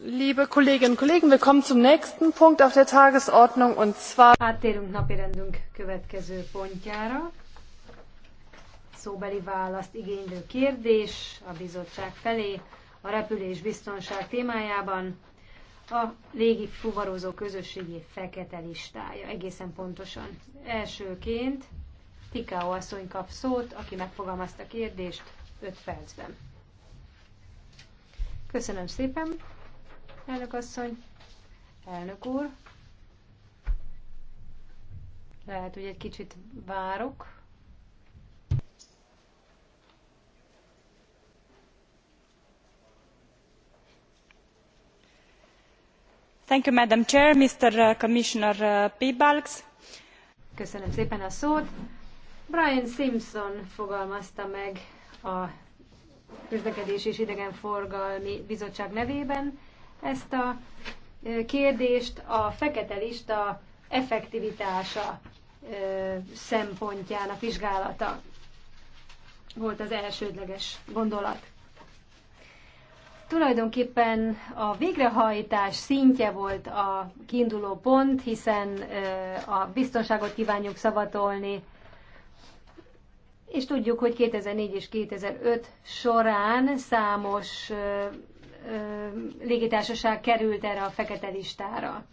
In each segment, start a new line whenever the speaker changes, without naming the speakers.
Liebe Kolleginnen und Kollegen, wir kommen zum nächsten Punkt auf der Tagesordnung und zwar...
Áttérünk napirendünk következő pontjára. Szóbeli választ igénylő kérdés a bizottság felé a repülés biztonság témájában a légi fuvarozó közösségi fekete listája, egészen pontosan. Elsőként Tikao asszony kap szót, aki megfogalmazta a kérdést 5 percben. Köszönöm szépen! Elnök asszony, elnök úr, lehet, hogy egy kicsit várok. Thank you, Madam Chair, Mr. Uh, Commissioner uh, Balks. Köszönöm szépen a szót. Brian Simpson fogalmazta meg a közlekedés és idegenforgalmi bizottság nevében ezt a kérdést a fekete lista effektivitása szempontjának vizsgálata volt az elsődleges gondolat. Tulajdonképpen a végrehajtás szintje volt a kiinduló pont, hiszen a biztonságot kívánjuk szavatolni, és tudjuk, hogy 2004 és 2005 során számos légitársaság került erre a fekete listára.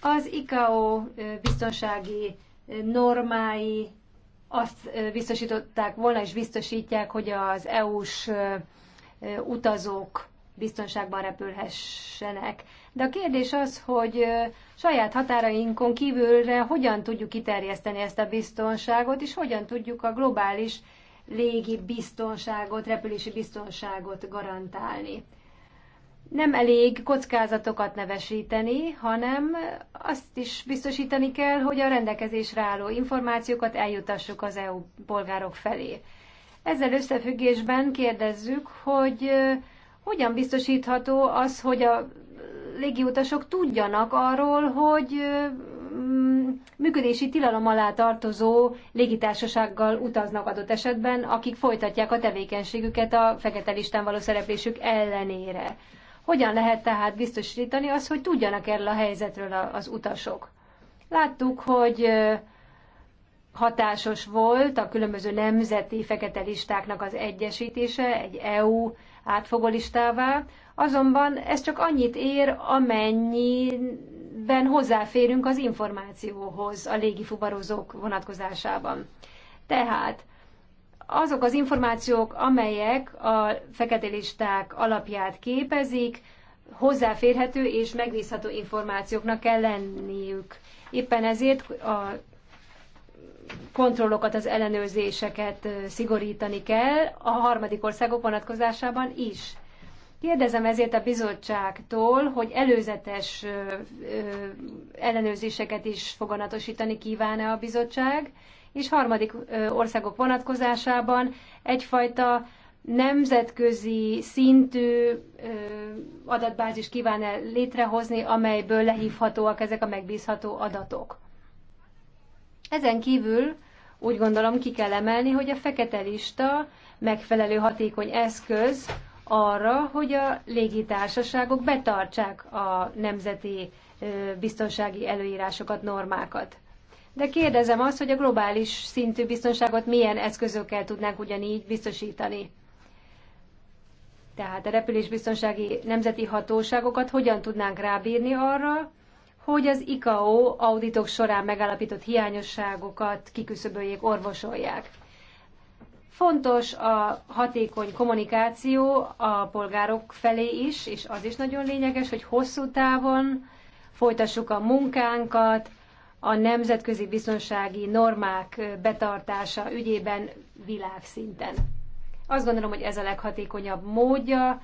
Az ICAO biztonsági normái azt biztosították volna, és biztosítják, hogy az EU-s utazók biztonságban repülhessenek. De a kérdés az, hogy saját határainkon kívülre hogyan tudjuk kiterjeszteni ezt a biztonságot, és hogyan tudjuk a globális légi biztonságot, repülési biztonságot garantálni. Nem elég kockázatokat nevesíteni, hanem azt is biztosítani kell, hogy a rendelkezésre álló információkat eljutassuk az EU polgárok felé. Ezzel összefüggésben kérdezzük, hogy hogyan biztosítható az, hogy a légiutasok tudjanak arról, hogy működési tilalom alá tartozó légitársasággal utaznak adott esetben, akik folytatják a tevékenységüket a fekete listán való szereplésük ellenére. Hogyan lehet tehát biztosítani azt, hogy tudjanak erről a helyzetről az utasok? Láttuk, hogy hatásos volt a különböző nemzeti fekete listáknak az egyesítése egy EU átfogó listává, azonban ez csak annyit ér, amennyiben hozzáférünk az információhoz a légifubarozók vonatkozásában. Tehát azok az információk, amelyek a fekete listák alapját képezik, hozzáférhető és megbízható információknak kell lenniük. Éppen ezért a kontrollokat, az ellenőrzéseket szigorítani kell a harmadik országok vonatkozásában is. Kérdezem ezért a bizottságtól, hogy előzetes ellenőrzéseket is foganatosítani kíván-e a bizottság, és harmadik országok vonatkozásában egyfajta nemzetközi szintű adatbázis kíván-e létrehozni, amelyből lehívhatóak ezek a megbízható adatok. Ezen kívül úgy gondolom ki kell emelni, hogy a fekete lista megfelelő hatékony eszköz, arra, hogy a légitársaságok betartsák a nemzeti biztonsági előírásokat, normákat. De kérdezem azt, hogy a globális szintű biztonságot milyen eszközökkel tudnánk ugyanígy biztosítani. Tehát a repülésbiztonsági nemzeti hatóságokat hogyan tudnánk rábírni arra, hogy az ICAO auditok során megállapított hiányosságokat kiküszöböljék, orvosolják. Fontos a hatékony kommunikáció a polgárok felé is, és az is nagyon lényeges, hogy hosszú távon folytassuk a munkánkat, a nemzetközi biztonsági normák betartása ügyében világszinten. Azt gondolom, hogy ez a leghatékonyabb módja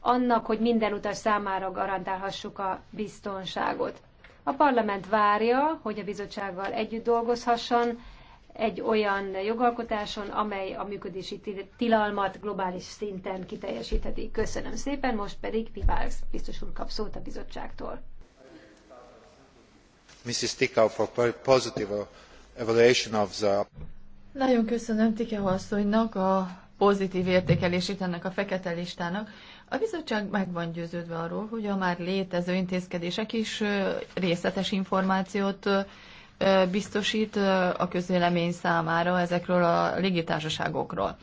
annak, hogy minden utas számára garantálhassuk a biztonságot. A parlament várja, hogy a bizottsággal együtt dolgozhasson, egy olyan jogalkotáson, amely a működési tilalmat globális szinten kiteljesítheti. Köszönöm szépen, most pedig Pivársz biztos úr kap szót a bizottságtól.
Mrs. Tikau for positive evaluation of the...
Nagyon köszönöm Tikau
asszonynak a pozitív értékelését ennek a fekete listának. A bizottság meg van győződve arról, hogy a már létező intézkedések is részletes információt biztosít a közvélemény számára ezekről a légitársaságokról.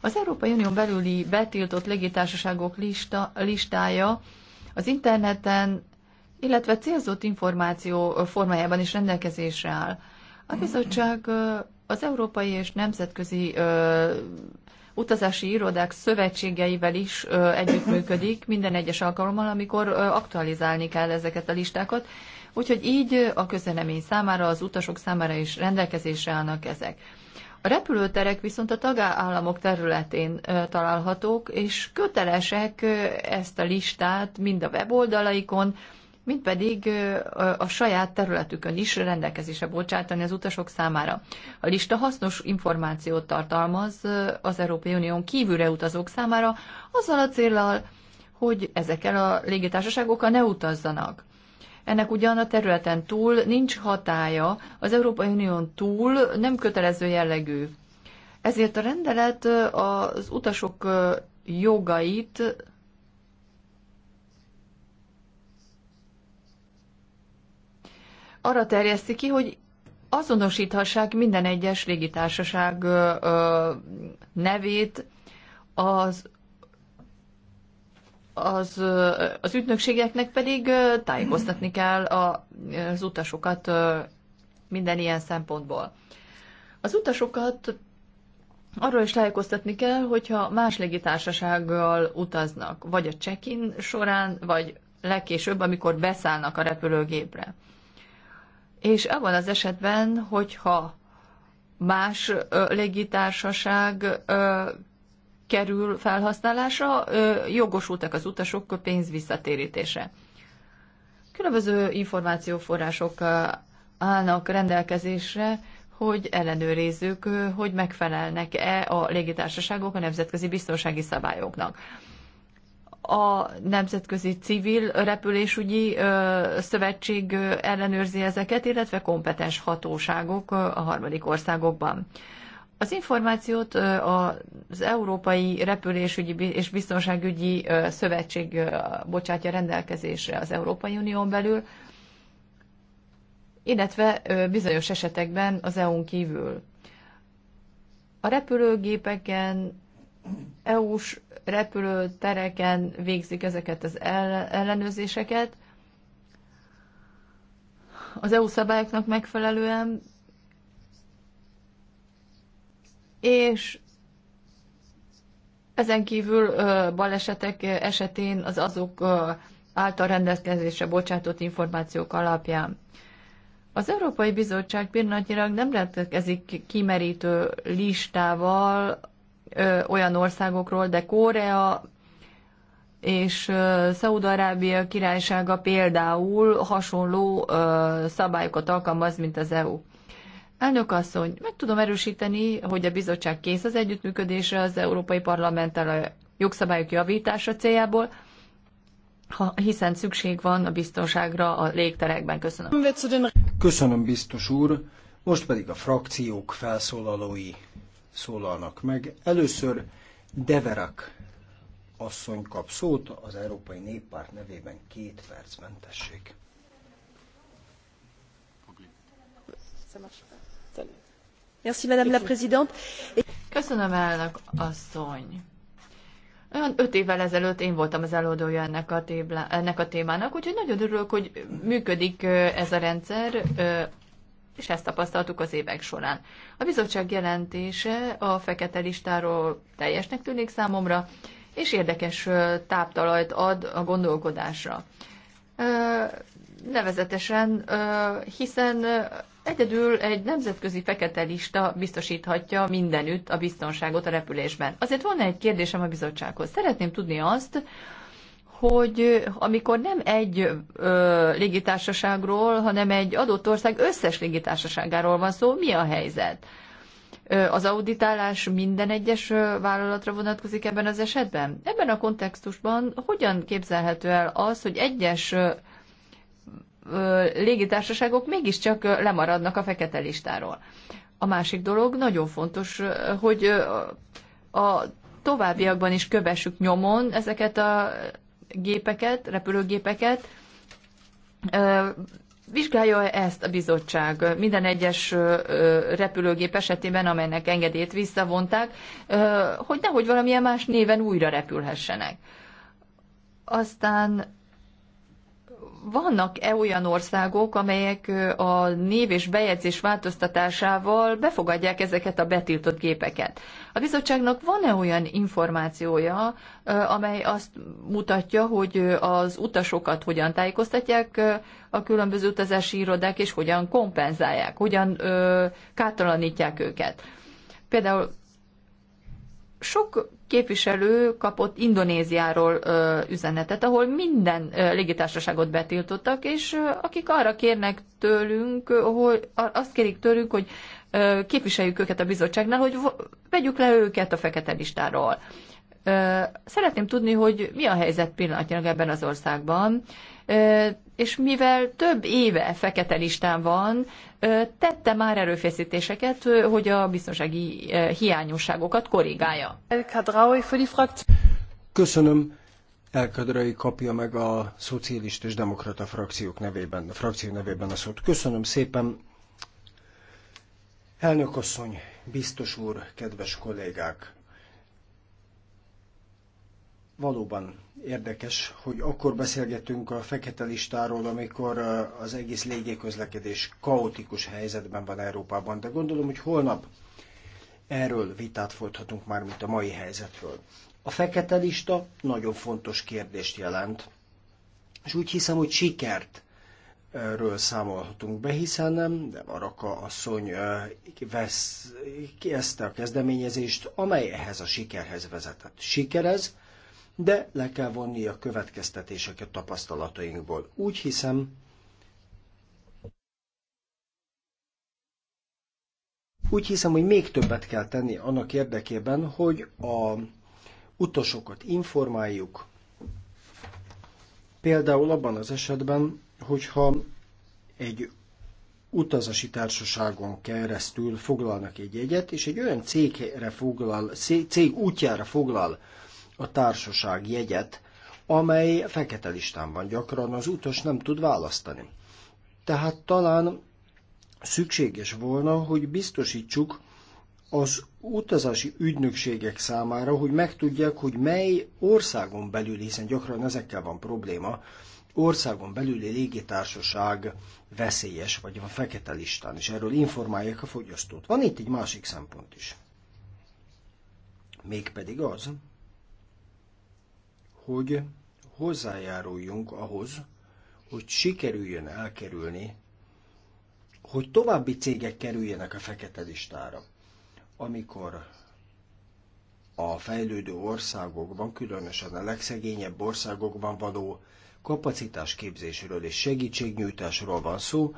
Az Európai Unión belüli betiltott légitársaságok lista, listája az interneten, illetve célzott információ formájában is rendelkezésre áll. A bizottság az európai és nemzetközi utazási irodák szövetségeivel is együttműködik minden egyes alkalommal, amikor aktualizálni kell ezeket a listákat. Úgyhogy így a közlemény számára, az utasok számára is rendelkezésre állnak ezek. A repülőterek viszont a tagállamok területén találhatók, és kötelesek ezt a listát mind a weboldalaikon, mint pedig a saját területükön is rendelkezésre bocsátani az utasok számára. A lista hasznos információt tartalmaz az Európai Unión kívülre utazók számára, azzal a célral, hogy ezekkel a légitársaságokkal ne utazzanak. Ennek ugyan a területen túl nincs hatája, az Európai Unión túl nem kötelező jellegű. Ezért a rendelet az utasok jogait arra terjeszti ki, hogy azonosíthassák minden egyes légitársaság nevét az az, az ügynökségeknek pedig tájékoztatni kell a, az utasokat minden ilyen szempontból. Az utasokat arról is tájékoztatni kell, hogyha más légitársasággal utaznak, vagy a check-in során, vagy legkésőbb, amikor beszállnak a repülőgépre és abban az esetben, hogyha más légitársaság kerül felhasználásra, jogosultak az utasok pénz visszatérítése. Különböző információforrások állnak rendelkezésre, hogy ellenőrizzük, hogy megfelelnek-e a légitársaságok a nemzetközi biztonsági szabályoknak a Nemzetközi Civil Repülésügyi Szövetség ellenőrzi ezeket, illetve kompetens hatóságok a harmadik országokban. Az információt az Európai Repülésügyi és Biztonságügyi Szövetség bocsátja rendelkezésre az Európai Unión belül, illetve bizonyos esetekben az EU-n kívül. A repülőgépeken EU-s repülőtereken végzik ezeket az ellenőrzéseket, az EU szabályoknak megfelelően, és ezen kívül balesetek esetén az azok által rendelkezésre bocsátott információk alapján. Az Európai Bizottság pillanatnyilag nem rendelkezik kimerítő listával ö, olyan országokról, de Korea és Szaúd-Arábia királysága például hasonló ö, szabályokat alkalmaz, mint az EU. Elnök asszony, meg tudom erősíteni, hogy a bizottság kész az együttműködésre az Európai Parlamenttel a jogszabályok javítása céljából, ha, hiszen szükség van a biztonságra a légterekben. Köszönöm.
Köszönöm, biztos úr. Most pedig a frakciók felszólalói szólalnak meg. Először Deverak asszony kap szót az Európai Néppárt nevében két percben tessék.
Köszönöm, elnök asszony. Olyan öt évvel ezelőtt én voltam az előadója ennek a, téblá, ennek a témának, úgyhogy nagyon örülök, hogy működik ez a rendszer és ezt tapasztaltuk az évek során. A bizottság jelentése a fekete listáról teljesnek tűnik számomra, és érdekes táptalajt ad a gondolkodásra. Nevezetesen, hiszen egyedül egy nemzetközi fekete lista biztosíthatja mindenütt a biztonságot a repülésben. Azért van egy kérdésem a bizottsághoz. Szeretném tudni azt, hogy amikor nem egy ö, légitársaságról, hanem egy adott ország összes légitársaságáról van szó, mi a helyzet? Ö, az auditálás minden egyes vállalatra vonatkozik ebben az esetben? Ebben a kontextusban hogyan képzelhető el az, hogy egyes ö, légitársaságok mégiscsak lemaradnak a fekete listáról? A másik dolog nagyon fontos, hogy a továbbiakban is kövessük nyomon ezeket a gépeket, repülőgépeket. Vizsgálja ezt a bizottság minden egyes repülőgép esetében, amelynek engedélyt visszavonták, hogy nehogy valamilyen más néven újra repülhessenek. Aztán vannak -e olyan országok, amelyek a név és bejegyzés változtatásával befogadják ezeket a betiltott gépeket? A bizottságnak van-e olyan információja, amely azt mutatja, hogy az utasokat hogyan tájékoztatják a különböző utazási irodák, és hogyan kompenzálják, hogyan kártalanítják őket? Például sok képviselő kapott Indonéziáról ö, üzenetet, ahol minden ö, légitársaságot betiltottak, és ö, akik arra kérnek tőlünk, hogy azt kérik tőlünk, hogy ö, képviseljük őket a bizottságnál, hogy vegyük le őket a fekete listáról. Ö, szeretném tudni, hogy mi a helyzet pillanatnyilag ebben az országban. Ö, és mivel több éve fekete listán van, tette már erőfeszítéseket, hogy a biztonsági hiányosságokat korrigálja.
Köszönöm. Elkadrai kapja meg a szocialista és demokrata frakciók nevében, a frakció nevében a szót. Köszönöm szépen. Elnök asszony, biztos úr, kedves kollégák! Valóban Érdekes, hogy akkor beszélgetünk a fekete listáról, amikor az egész légiközlekedés kaotikus helyzetben van Európában, de gondolom, hogy holnap erről vitát folytatunk már, mint a mai helyzetről. A fekete lista nagyon fontos kérdést jelent, és úgy hiszem, hogy sikert ről számolhatunk be, hiszen nem, de Varaka asszony vesz, kezdte a kezdeményezést, amely ehhez a sikerhez vezetett. Siker ez, de le kell vonni a következtetéseket tapasztalatainkból. Úgy hiszem, úgy hiszem, hogy még többet kell tenni annak érdekében, hogy a utasokat informáljuk, például abban az esetben, hogyha egy utazási társaságon keresztül foglalnak egy jegyet, és egy olyan cégre foglal, cég útjára foglal a társaság jegyet, amely fekete listán van gyakran, az utas nem tud választani. Tehát talán szükséges volna, hogy biztosítsuk az utazási ügynökségek számára, hogy megtudják, hogy mely országon belül, hiszen gyakran ezekkel van probléma, országon belüli légitársaság veszélyes, vagy van fekete listán, és erről informálják a fogyasztót. Van itt egy másik szempont is. Mégpedig az, hogy hozzájáruljunk ahhoz, hogy sikerüljön elkerülni, hogy további cégek kerüljenek a fekete listára. Amikor a fejlődő országokban, különösen a legszegényebb országokban való kapacitásképzésről és segítségnyújtásról van szó,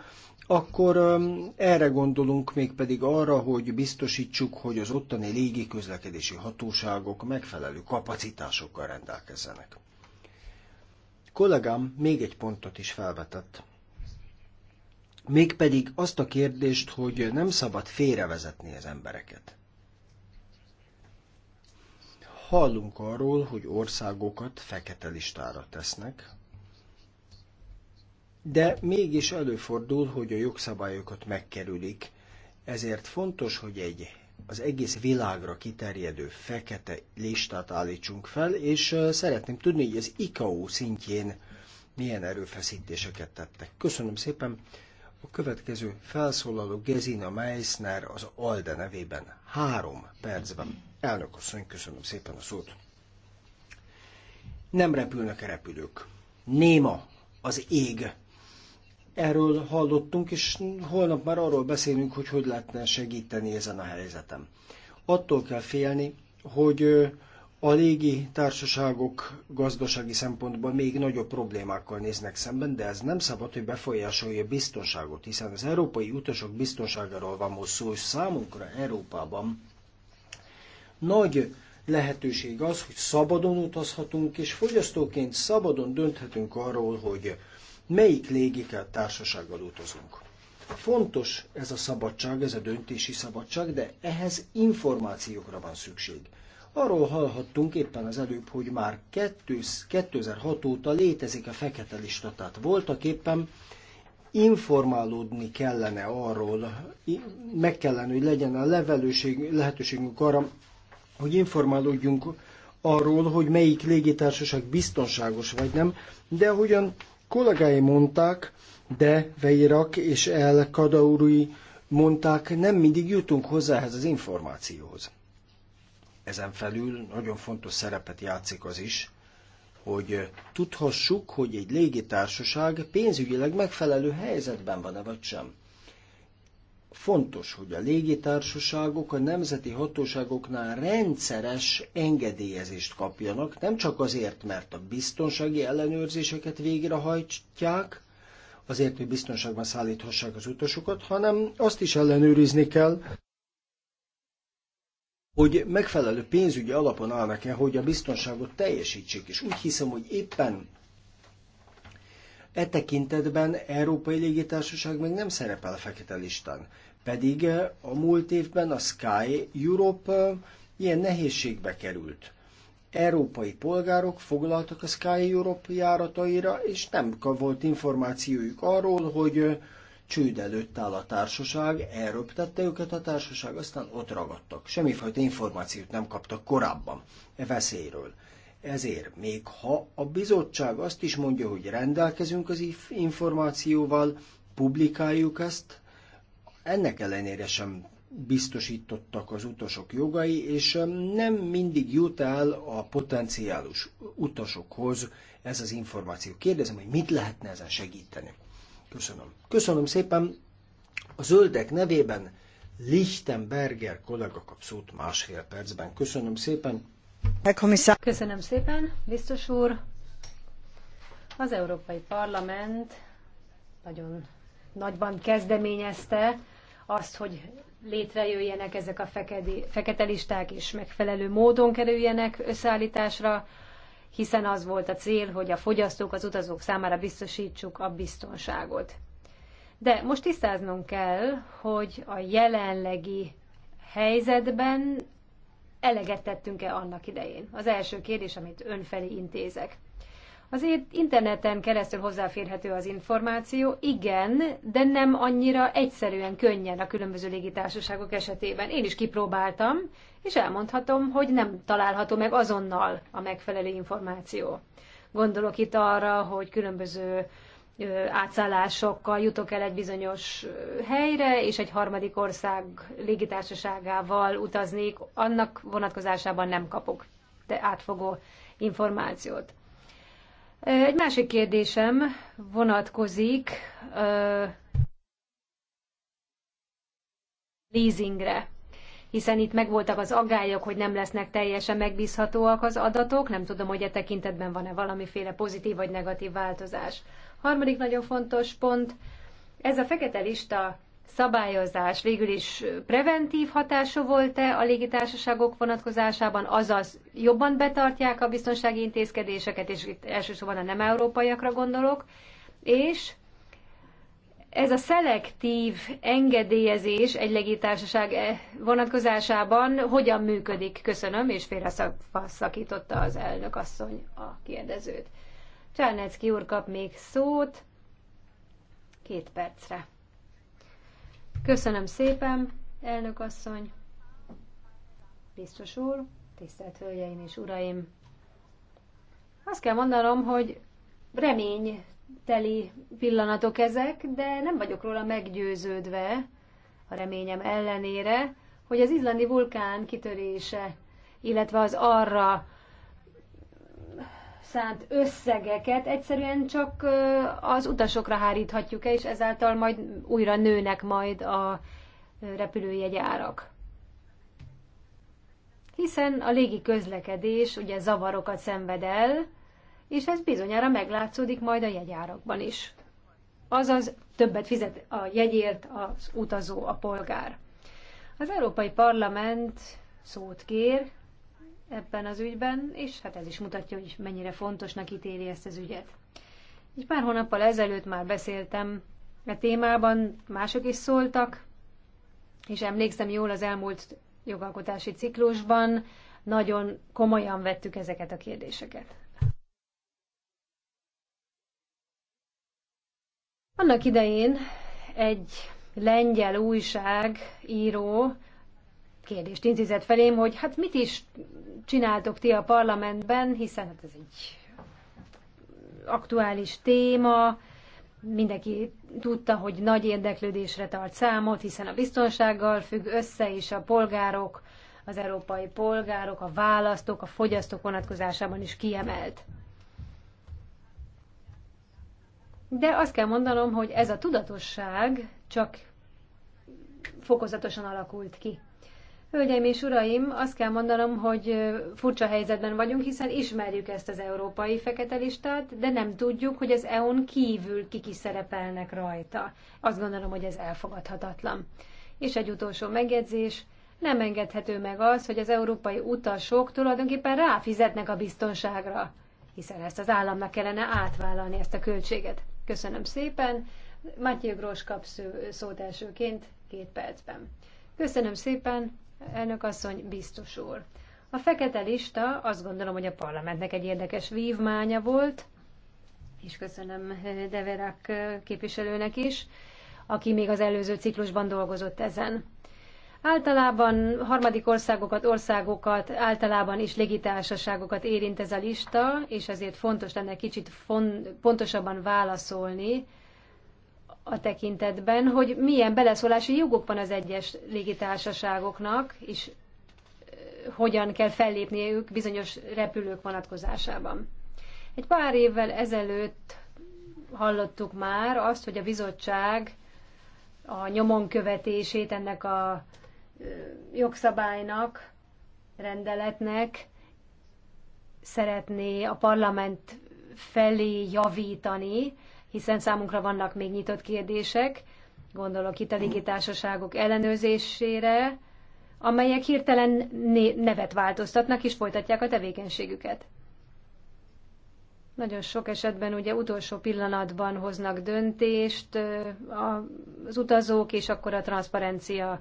akkor erre gondolunk pedig arra, hogy biztosítsuk, hogy az ottani légiközlekedési hatóságok megfelelő kapacitásokkal rendelkezzenek. Kollégám még egy pontot is felvetett. Mégpedig azt a kérdést, hogy nem szabad félrevezetni az embereket. Hallunk arról, hogy országokat fekete listára tesznek, de mégis előfordul, hogy a jogszabályokat megkerülik. Ezért fontos, hogy egy az egész világra kiterjedő fekete listát állítsunk fel, és szeretném tudni, hogy az ICAO szintjén milyen erőfeszítéseket tettek. Köszönöm szépen! A következő felszólaló Gezina Meissner az ALDE nevében három percben. Elnök asszony, köszönöm szépen a szót. Nem repülnek a repülők. Néma az ég Erről hallottunk, és holnap már arról beszélünk, hogy hogy lehetne segíteni ezen a helyzetem. Attól kell félni, hogy a légi társaságok gazdasági szempontból még nagyobb problémákkal néznek szemben, de ez nem szabad, hogy befolyásolja a biztonságot, hiszen az európai utasok biztonságáról van most szó, és számunkra Európában nagy lehetőség az, hogy szabadon utazhatunk, és fogyasztóként szabadon dönthetünk arról, hogy melyik társasággal utazunk. Fontos ez a szabadság, ez a döntési szabadság, de ehhez információkra van szükség. Arról hallhattunk éppen az előbb, hogy már 2006 óta létezik a fekete lista, tehát voltak éppen informálódni kellene arról, meg kellene, hogy legyen a levelőség, lehetőségünk arra, hogy informálódjunk arról, hogy melyik légitársaság biztonságos vagy nem, de hogyan Kollégái mondták, de Veirak és El Kadaurui mondták, nem mindig jutunk hozzá ehhez az információhoz. Ezen felül nagyon fontos szerepet játszik az is, hogy tudhassuk, hogy egy légitársaság pénzügyileg megfelelő helyzetben van-e vagy sem. Fontos, hogy a légitársaságok a nemzeti hatóságoknál rendszeres engedélyezést kapjanak, nem csak azért, mert a biztonsági ellenőrzéseket végrehajtják, azért, hogy biztonságban szállíthassák az utasokat, hanem azt is ellenőrizni kell, hogy megfelelő pénzügyi alapon állnak-e, hogy a biztonságot teljesítsék. És úgy hiszem, hogy éppen E tekintetben Európai Légitársaság még nem szerepel a fekete listán. Pedig e, a múlt évben a Sky Europe e, ilyen nehézségbe került. Európai polgárok foglaltak a Sky Europe járataira, és nem volt információjuk arról, hogy e, csőd előtt áll a társaság, elröptette őket a társaság, aztán ott ragadtak. Semmifajta információt nem kaptak korábban e veszélyről. Ezért, még ha a bizottság azt is mondja, hogy rendelkezünk az információval, publikáljuk ezt, ennek ellenére sem biztosítottak az utasok jogai, és um, nem mindig jut el a potenciális utasokhoz ez az információ. Kérdezem, hogy mit lehetne ezen segíteni. Köszönöm. Köszönöm szépen. A zöldek nevében Lichtenberger kollega kap szót másfél percben. Köszönöm szépen.
Köszönöm szépen, Az Európai Parlament nagyon nagyban kezdeményezte azt, hogy létrejöjjenek ezek a fekete listák, és megfelelő módon kerüljenek összeállításra, hiszen az volt a cél, hogy a fogyasztók, az utazók számára biztosítsuk a biztonságot. De most tisztáznunk kell, hogy a jelenlegi helyzetben eleget tettünk-e annak idején? Az első kérdés, amit önfelé intézek. Az interneten keresztül hozzáférhető az információ, igen, de nem annyira egyszerűen könnyen a különböző légitársaságok esetében. Én is kipróbáltam, és elmondhatom, hogy nem található meg azonnal a megfelelő információ. Gondolok itt arra, hogy különböző átszállásokkal jutok el egy bizonyos helyre, és egy harmadik ország légitársaságával utaznék, annak vonatkozásában nem kapok de átfogó információt. Egy másik kérdésem vonatkozik uh, leasingre hiszen itt megvoltak az aggályok, hogy nem lesznek teljesen megbízhatóak az adatok. Nem tudom, hogy e tekintetben van-e valamiféle pozitív vagy negatív változás. Harmadik nagyon fontos pont, ez a fekete lista szabályozás végül is preventív hatása volt-e a légitársaságok vonatkozásában, azaz jobban betartják a biztonsági intézkedéseket, és itt elsősorban a nem európaiakra gondolok, és ez a szelektív engedélyezés egy légitársaság eh, vonatkozásában hogyan működik? Köszönöm, és félre szakította az elnök asszony a kérdezőt. Csárnecki úr kap még szót két percre. Köszönöm szépen, elnök asszony, biztos úr, tisztelt hölgyeim és uraim. Azt kell mondanom, hogy reményteli pillanatok ezek, de nem vagyok róla meggyőződve, a reményem ellenére, hogy az izlandi vulkán kitörése, illetve az arra szánt összegeket egyszerűen csak az utasokra háríthatjuk e és ezáltal majd újra nőnek majd a repülőjegy árak. Hiszen a légi közlekedés ugye zavarokat szenved el, és ez bizonyára meglátszódik majd a jegyárakban is. Azaz többet fizet a jegyért az utazó, a polgár. Az Európai Parlament szót kér, ebben az ügyben, és hát ez is mutatja, hogy mennyire fontosnak ítéli ezt az ügyet. Egy pár hónappal ezelőtt már beszéltem a e témában, mások is szóltak, és emlékszem jól az elmúlt jogalkotási ciklusban, nagyon komolyan vettük ezeket a kérdéseket. Annak idején egy lengyel újságíró kérdést intézett felém, hogy hát mit is csináltok ti a parlamentben, hiszen hát ez egy aktuális téma, mindenki tudta, hogy nagy érdeklődésre tart számot, hiszen a biztonsággal függ össze, és a polgárok, az európai polgárok, a választók, a fogyasztók vonatkozásában is kiemelt. De azt kell mondanom, hogy ez a tudatosság csak fokozatosan alakult ki. Hölgyeim és uraim, azt kell mondanom, hogy furcsa helyzetben vagyunk, hiszen ismerjük ezt az európai fekete listát, de nem tudjuk, hogy az EU-n kívül kik is szerepelnek rajta. Azt gondolom, hogy ez elfogadhatatlan. És egy utolsó megjegyzés, nem engedhető meg az, hogy az európai utasok tulajdonképpen ráfizetnek a biztonságra, hiszen ezt az államnak kellene átvállalni ezt a költséget. Köszönöm szépen. Matyi Gros kap szót elsőként két percben. Köszönöm szépen, elnök asszony, biztos úr. A fekete lista azt gondolom, hogy a parlamentnek egy érdekes vívmánya volt, és köszönöm eh, Deverak eh, képviselőnek is, aki még az előző ciklusban dolgozott ezen. Általában harmadik országokat, országokat, általában is légitársaságokat érint ez a lista, és ezért fontos lenne kicsit fon- pontosabban válaszolni a tekintetben, hogy milyen beleszólási jogok van az egyes légitársaságoknak, és hogyan kell fellépniük bizonyos repülők vonatkozásában. Egy pár évvel ezelőtt hallottuk már azt, hogy a bizottság a nyomon követését ennek a jogszabálynak, rendeletnek szeretné a parlament felé javítani, hiszen számunkra vannak még nyitott kérdések, gondolok itt a légitársaságok ellenőrzésére, amelyek hirtelen nevet változtatnak és folytatják a tevékenységüket. Nagyon sok esetben ugye utolsó pillanatban hoznak döntést az utazók, és akkor a transzparencia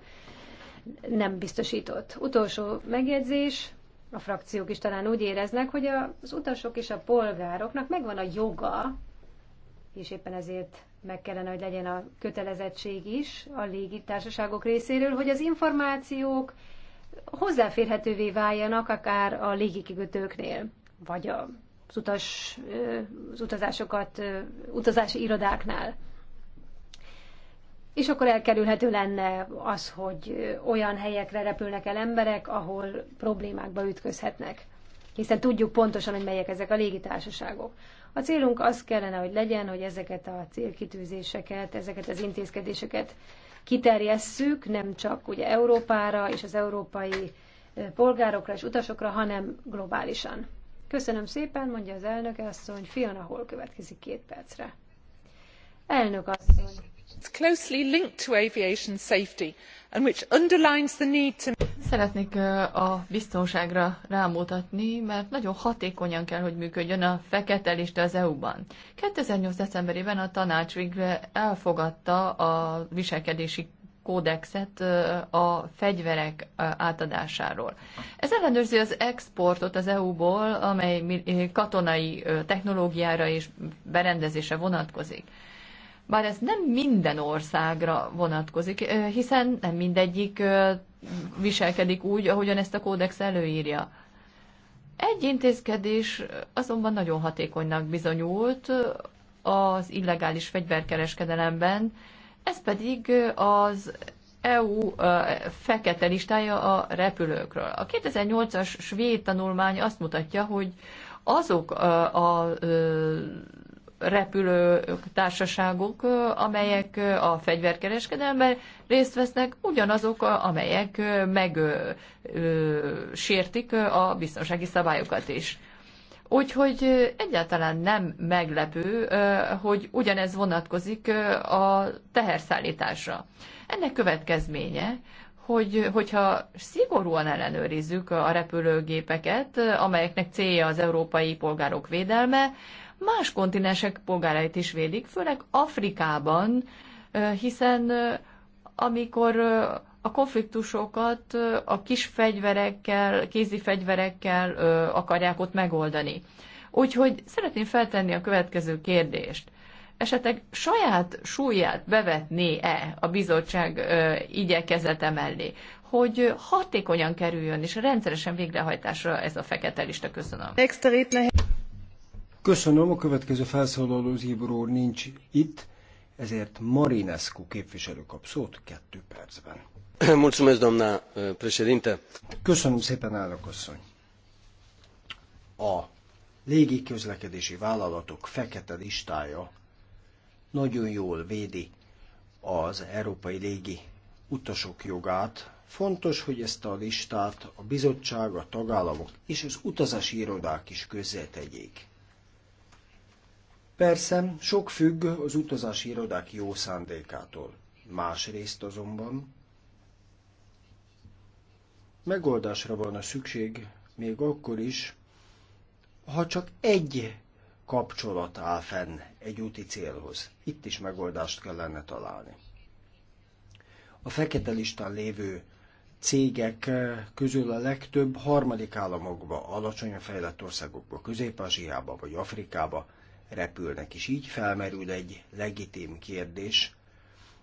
nem biztosított. Utolsó megjegyzés, a frakciók is talán úgy éreznek, hogy az utasok és a polgároknak megvan a joga és éppen ezért meg kellene, hogy legyen a kötelezettség is a légitársaságok részéről, hogy az információk hozzáférhetővé váljanak akár a légikikötőknél, vagy a az, utas, az utazásokat, utazási irodáknál. És akkor elkerülhető lenne az, hogy olyan helyekre repülnek el emberek, ahol problémákba ütközhetnek. Hiszen tudjuk pontosan, hogy melyek ezek a légitársaságok. A célunk az kellene, hogy legyen, hogy ezeket a célkitűzéseket, ezeket az intézkedéseket kiterjesszük, nem csak ugye Európára és az európai eh, polgárokra és utasokra, hanem globálisan. Köszönöm szépen, mondja az elnök asszony, Fiona Hol következik két percre. Elnök asszony closely linked to aviation
safety and which underlines the need to Szeretnék a biztonságra rámutatni, mert nagyon hatékonyan kell, hogy működjön a fekete lista az EU-ban. 2008. decemberében a tanács végre elfogadta a viselkedési kódexet a fegyverek átadásáról. Ez ellenőrzi az exportot az EU-ból, amely katonai technológiára és berendezése vonatkozik. Bár ez nem minden országra vonatkozik, hiszen nem mindegyik viselkedik úgy, ahogyan ezt a kódex előírja. Egy intézkedés azonban nagyon hatékonynak bizonyult az illegális fegyverkereskedelemben, ez pedig az EU fekete listája a repülőkről. A 2008-as svéd tanulmány azt mutatja, hogy azok a, a, a repülő társaságok, amelyek a fegyverkereskedelemben részt vesznek, ugyanazok, amelyek megsértik a biztonsági szabályokat is. Úgyhogy egyáltalán nem meglepő, hogy ugyanez vonatkozik a teherszállításra. Ennek következménye, hogy, hogyha szigorúan ellenőrizzük a repülőgépeket, amelyeknek célja az európai polgárok védelme, más kontinensek polgárait is védik, főleg Afrikában, hiszen amikor a konfliktusokat a kis fegyverekkel, kézi fegyverekkel akarják ott megoldani. Úgyhogy szeretném feltenni a következő kérdést. Esetleg saját súlyát bevetné-e a bizottság igyekezete mellé, hogy hatékonyan kerüljön és rendszeresen végrehajtásra ez a fekete lista? Köszönöm.
Köszönöm, a következő felszólaló Zibor nincs itt, ezért Marinescu képviselő kap szót kettő percben. Mulțumesc, doamna eh, președinte. Köszönöm szépen, elnök asszony. A légi közlekedési vállalatok fekete listája nagyon jól védi az európai légi utasok jogát. Fontos, hogy ezt a listát a bizottság, a tagállamok és az utazási irodák is közzétegyék. Persze, sok függ az utazási irodák jó szándékától. Másrészt azonban megoldásra van a szükség még akkor is, ha csak egy kapcsolat áll fenn egy úti célhoz. Itt is megoldást kellene találni. A fekete listán lévő cégek közül a legtöbb harmadik államokba, alacsonyan fejlett országokba, Közép-Ázsiába vagy Afrikába repülnek. És így felmerül egy legitim kérdés,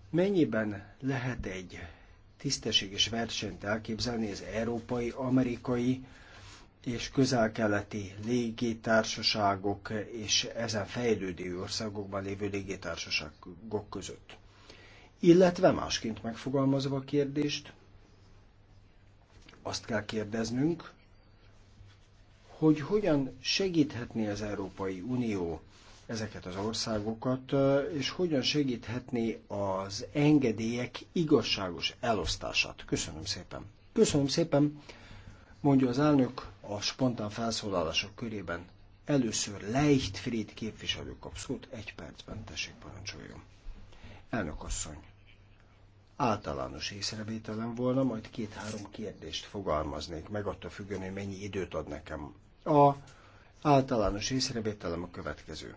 mennyiben lehet egy tisztességes versenyt elképzelni az európai, amerikai és közel-keleti légitársaságok és ezen fejlődő országokban lévő légitársaságok között. Illetve másként megfogalmazva a kérdést, azt kell kérdeznünk, hogy hogyan segíthetné az Európai Unió ezeket az országokat, és hogyan segíthetné az engedélyek igazságos elosztását. Köszönöm szépen. Köszönöm szépen, mondja az elnök a spontán felszólalások körében. Először Leichtfried képviselő kap szót, egy percben tessék parancsoljon. Elnök asszony, általános észrevételem volna, majd két-három kérdést fogalmaznék, meg attól függően, hogy mennyi időt ad nekem a általános észrevételem a következő.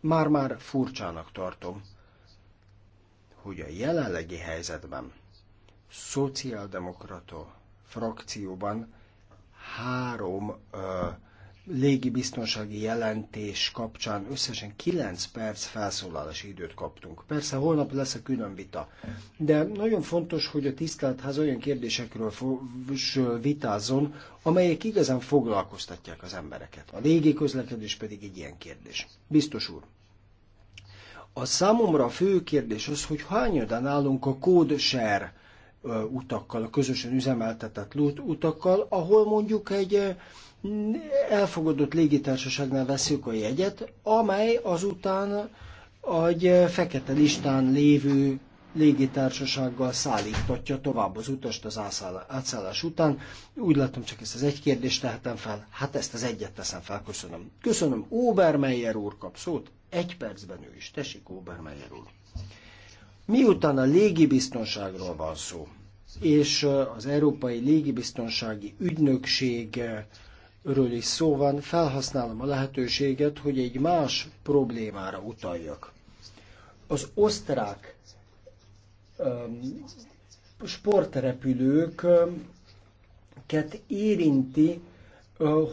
Már-már furcsának tartom, hogy a jelenlegi helyzetben szociáldemokrata frakcióban három uh, légi biztonsági jelentés kapcsán összesen 9 perc felszólalási időt kaptunk. Persze holnap lesz a külön vita, de nagyon fontos, hogy a tiszteletház olyan kérdésekről vitázzon, amelyek igazán foglalkoztatják az embereket. A légi közlekedés pedig egy ilyen kérdés. Biztos úr. A számomra a fő kérdés az, hogy hányadan állunk a kódsher? utakkal, a közösen üzemeltetett utakkal, ahol mondjuk egy elfogadott légitársaságnál veszük a jegyet, amely azután egy fekete listán lévő légitársasággal szállítatja tovább az utast az átszállás után. Úgy látom, csak ezt az egy kérdést tehetem fel. Hát ezt az egyet teszem fel, köszönöm. Köszönöm, Obermeyer úr kap szót. Egy percben ő is. Tessék, Obermeyer úr. Miután a légibiztonságról van szó, és az Európai Légibiztonsági Ügynökségről is szó van, felhasználom a lehetőséget, hogy egy más problémára utaljak. Az osztrák um, sportrepülőket érinti,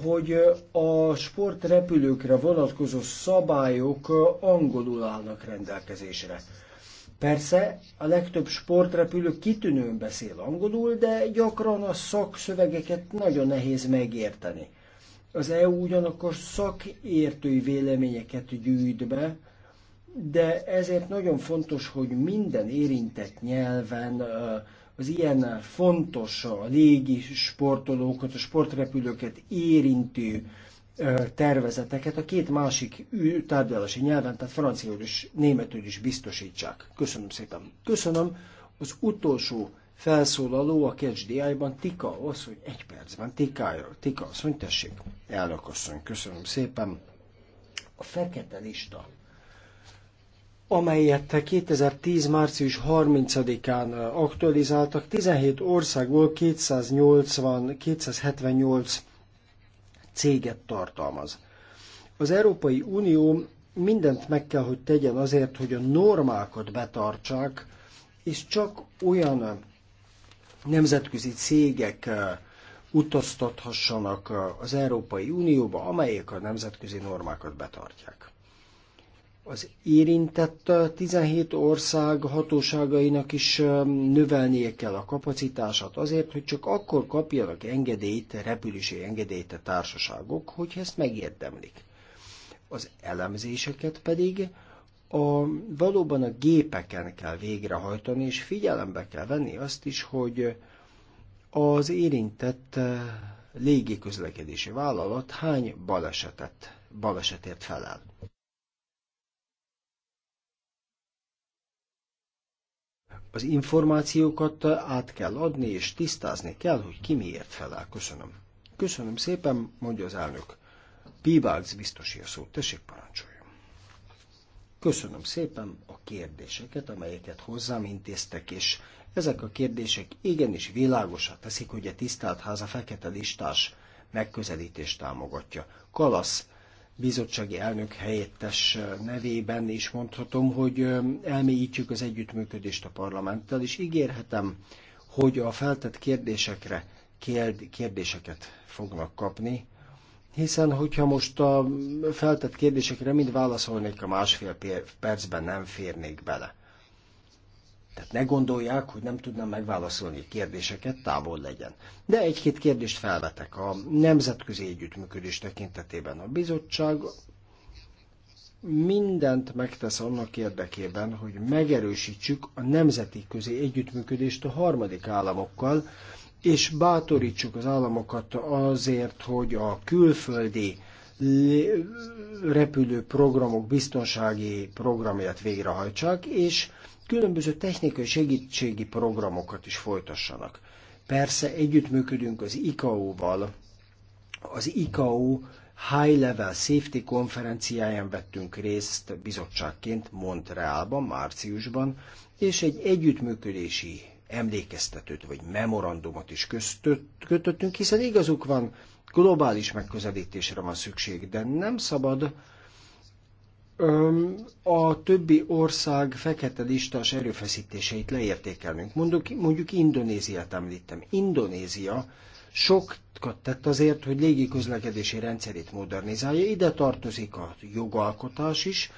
hogy a sportrepülőkre vonatkozó szabályok angolul állnak rendelkezésre. Persze a legtöbb sportrepülő kitűnően beszél angolul, de gyakran a szakszövegeket nagyon nehéz megérteni. Az EU ugyanakkor szakértői véleményeket gyűjt be, de ezért nagyon fontos, hogy minden érintett nyelven az ilyen fontos a légi sportolókat, a sportrepülőket érintő tervezeteket a két másik tárgyalási nyelven, tehát franciául és németül is biztosítsák. Köszönöm szépen. Köszönöm. Az utolsó felszólaló a KSDI-ban Tika az hogy egy percben Tika, Tika asszony, tessék, elnök köszönöm szépen. A fekete lista, amelyet 2010. március 30-án aktualizáltak, 17 országból 280, 278 céget tartalmaz. Az Európai Unió mindent meg kell, hogy tegyen azért, hogy a normákat betartsák, és csak olyan nemzetközi cégek eh, utaztathassanak eh, az Európai Unióba, amelyek a nemzetközi normákat betartják az érintett 17 ország hatóságainak is növelnie kell a kapacitását azért, hogy csak akkor kapjanak engedélyt, repülési engedélyt a társaságok, hogyha ezt megérdemlik. Az elemzéseket pedig a, valóban a gépeken kell végrehajtani, és figyelembe kell venni azt is, hogy az érintett légiközlekedési vállalat hány balesetet, balesetért felel. Az információkat át kell adni, és tisztázni kell, hogy ki miért felel. Köszönöm. Köszönöm szépen, mondja az elnök. Pibágz biztosi a szót. Tessék, parancsoljon. Köszönöm szépen a kérdéseket, amelyeket hozzám intéztek, és ezek a kérdések igenis világosat teszik, hogy a tisztelt háza fekete listás megközelítést támogatja. Kalasz bizottsági elnök helyettes nevében is mondhatom, hogy elmélyítjük az együttműködést a parlamenttel, és ígérhetem, hogy a feltett kérdésekre kérdéseket fognak kapni, hiszen hogyha most a feltett kérdésekre mind válaszolnék, a másfél percben nem férnék bele. Tehát ne gondolják, hogy nem tudnám megválaszolni kérdéseket, távol legyen. De egy-két kérdést felvetek a nemzetközi együttműködés tekintetében. A bizottság mindent megtesz annak érdekében, hogy megerősítsük a nemzeti közé együttműködést a harmadik államokkal, és bátorítsuk az államokat azért, hogy a külföldi repülő programok biztonsági programját végrehajtsák, és különböző technikai segítségi programokat is folytassanak. Persze együttműködünk az ICAO-val, az ICAO High Level Safety konferenciáján vettünk részt bizottságként Montrealban, márciusban, és egy együttműködési emlékeztetőt vagy memorandumot is kötöttünk, hiszen igazuk van, globális megközelítésre van szükség, de nem szabad a többi ország fekete listás erőfeszítéseit leértékelnünk. Mondjuk, mondjuk Indonéziát említem. Indonézia sokat tett azért, hogy légiközlekedési rendszerét modernizálja. Ide tartozik a jogalkotás is,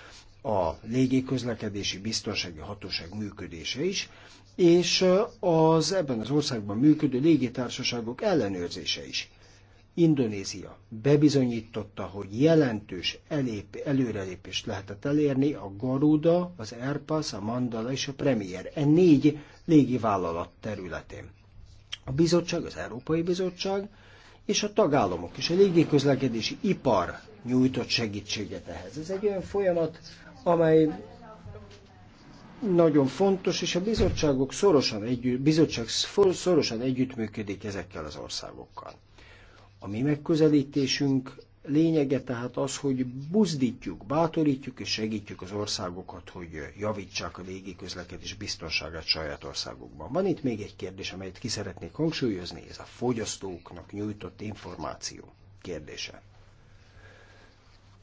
a légiközlekedési biztonsági hatóság működése is, és az ebben az országban működő légitársaságok ellenőrzése is. Indonézia bebizonyította, hogy jelentős elép, előrelépést lehetett elérni a Garuda, az Airpass, a Mandala és a Premier, e négy légivállalat területén. A bizottság, az Európai Bizottság és a tagállamok és a légiközlekedési ipar nyújtott segítséget ehhez. Ez egy olyan folyamat, amely nagyon fontos, és a bizottságok szorosan együtt, bizottság szorosan együttműködik ezekkel az országokkal. A mi megközelítésünk lényege tehát az, hogy buzdítjuk, bátorítjuk és segítjük az országokat, hogy javítsák a légi közlekedés biztonságát saját országukban. Van itt még egy kérdés, amelyet ki szeretnék hangsúlyozni, ez a fogyasztóknak nyújtott információ kérdése.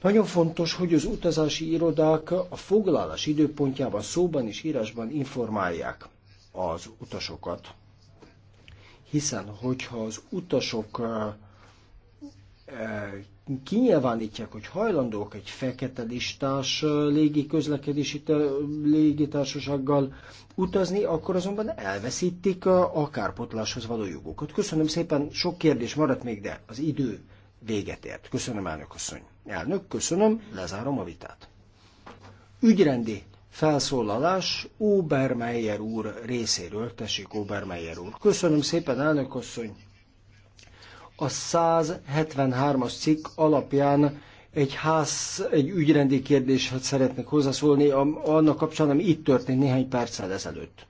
Nagyon fontos, hogy az utazási irodák a foglalás időpontjában szóban és írásban informálják az utasokat, hiszen hogyha az utasok kinyilvánítják, hogy hajlandók egy fekete listás légi közlekedési légitársasággal utazni, akkor azonban elveszítik a, a kárpotláshoz való jogokat. Köszönöm szépen, sok kérdés maradt még, de az idő véget ért. Köszönöm, elnök asszony. Elnök, köszönöm, lezárom a vitát. Ügyrendi felszólalás Obermeyer úr részéről. Tessék, Obermeyer úr. Köszönöm szépen, elnök asszony a 173-as cikk alapján egy ház, egy ügyrendi kérdéshez szeretnék hozzászólni, annak kapcsán, ami itt történt néhány perccel ezelőtt.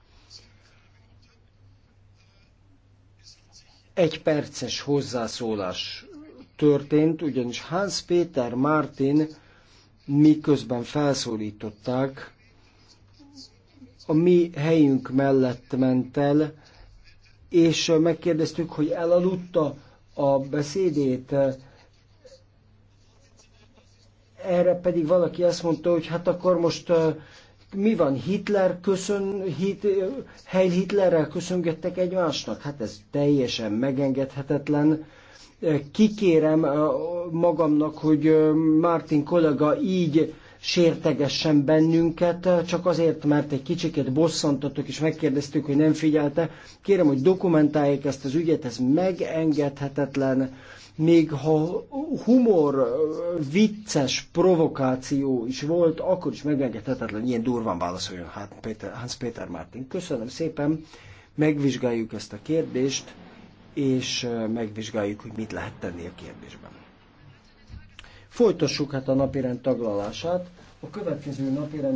Egy perces hozzászólás történt, ugyanis Hans Péter Martin miközben felszólították, a mi helyünk mellett ment el, és megkérdeztük, hogy elaludta, a beszédét, erre pedig valaki azt mondta, hogy hát akkor most mi van, Hitler köszön, hit, Heil Hitlerrel köszöngettek egymásnak? Hát ez teljesen megengedhetetlen. Kikérem magamnak, hogy Martin kollega így sértegessen bennünket, csak azért, mert egy kicsikét bosszantottuk és megkérdeztük, hogy nem figyelte. Kérem, hogy dokumentálják ezt az ügyet, ez megengedhetetlen. Még ha humor, vicces provokáció is volt, akkor is megengedhetetlen. Ilyen durván válaszoljon hát Péter, Hans Péter Martin. Köszönöm szépen, megvizsgáljuk ezt a kérdést, és megvizsgáljuk, hogy mit lehet tenni a kérdésben. Folytassuk hát a napirend taglalását. A következő napirend